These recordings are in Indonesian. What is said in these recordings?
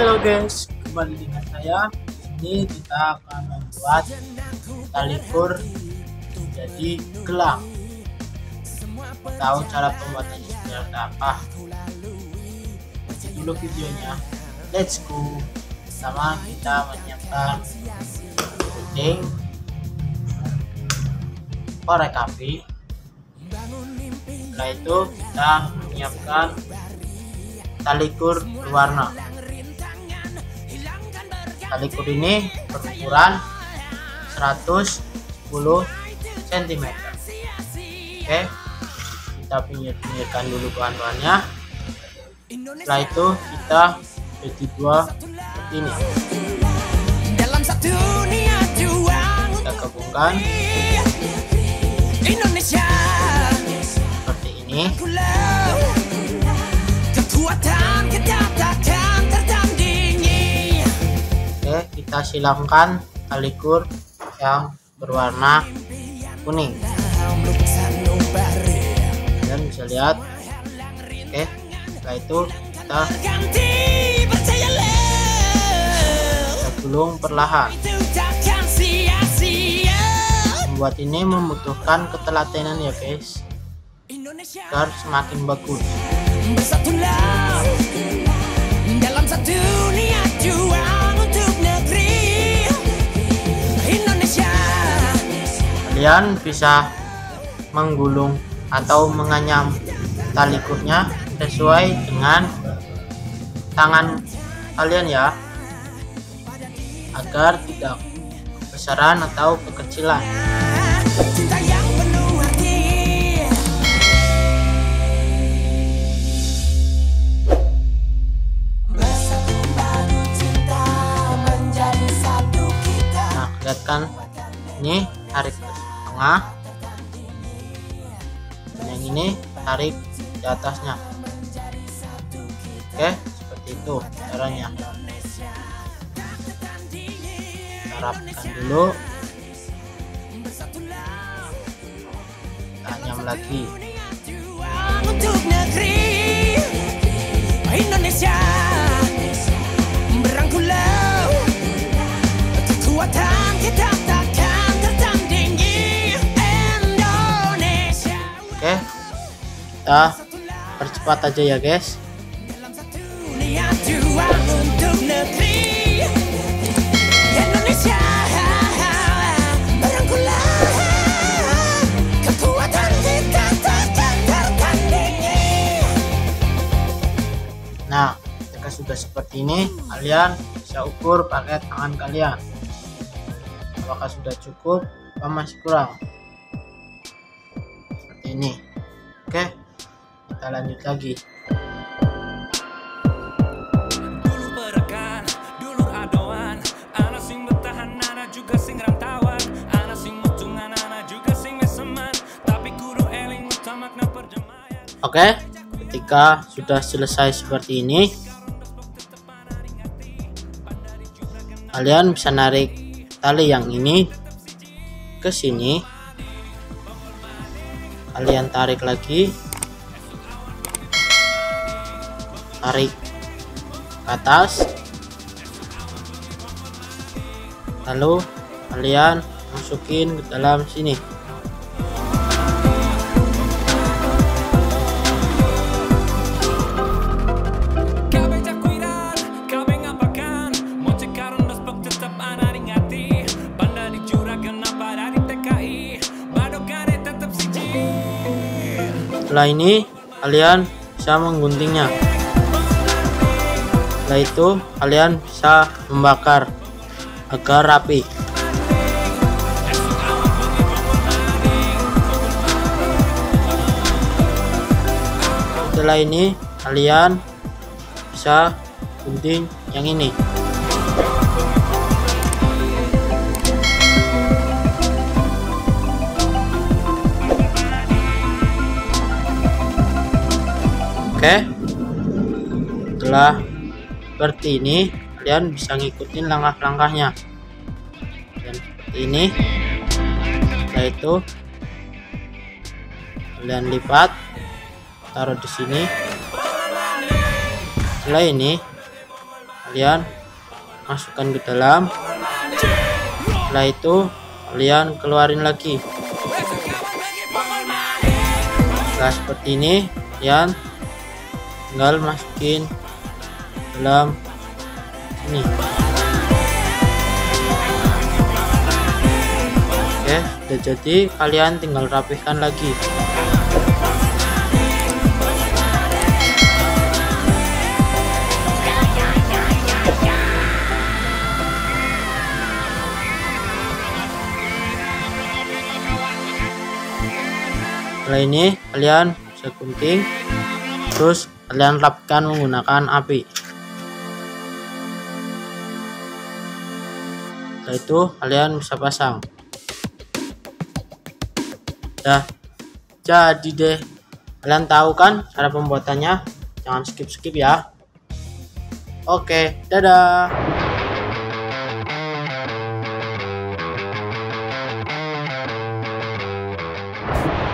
Halo guys, kembali dengan saya. Ini kita akan membuat tali kur jadi gelang. Tahu cara pembuatannya seperti apa? Nanti dulu videonya. Let's go. Sama kita menyiapkan gunting, korek api. Setelah itu kita menyiapkan tali kur berwarna tali kur ini berukuran 110 cm oke kita pinggir-pinggirkan dulu bahan-bahannya setelah itu kita bagi dua seperti ini kita gabungkan seperti ini kekuatan kita silangkan talikur yang berwarna kuning dan bisa lihat oke setelah itu kita gulung perlahan buat ini membutuhkan ketelatenan ya guys agar semakin bagus kalian bisa menggulung atau menganyam tali kurnya sesuai dengan tangan kalian ya agar tidak kebesaran atau kekecilan. tengah dan yang ini tarik di atasnya oke seperti itu caranya harapkan dulu tanyam lagi untuk negeri Indonesia berangkulau kekuatan kita tak kita percepat aja ya guys Nah, jika sudah seperti ini, kalian bisa ukur pakai tangan kalian. Apakah sudah cukup atau masih kurang? Seperti ini. Oke. Okay kita lanjut lagi Oke, okay, ketika sudah selesai seperti ini, kalian bisa narik tali yang ini ke sini. Kalian tarik lagi tarik ke atas lalu kalian masukin ke dalam sini setelah ini kalian bisa mengguntingnya setelah itu kalian bisa membakar agar rapi setelah ini kalian bisa gunting yang ini oke okay. setelah seperti ini kalian bisa ngikutin langkah-langkahnya dan seperti ini setelah itu kalian lipat taruh di sini setelah ini kalian masukkan ke dalam setelah itu kalian keluarin lagi setelah seperti ini kalian tinggal masukin dalam ini oke udah jadi kalian tinggal rapihkan lagi setelah ini kalian bisa gunting terus kalian lapkan menggunakan api setelah itu kalian bisa pasang ya jadi deh kalian tahu kan cara pembuatannya jangan skip-skip ya oke dadah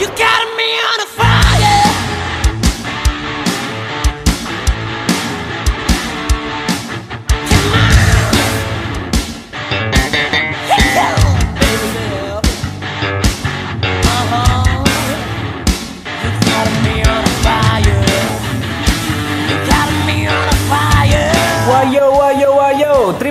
You got me on a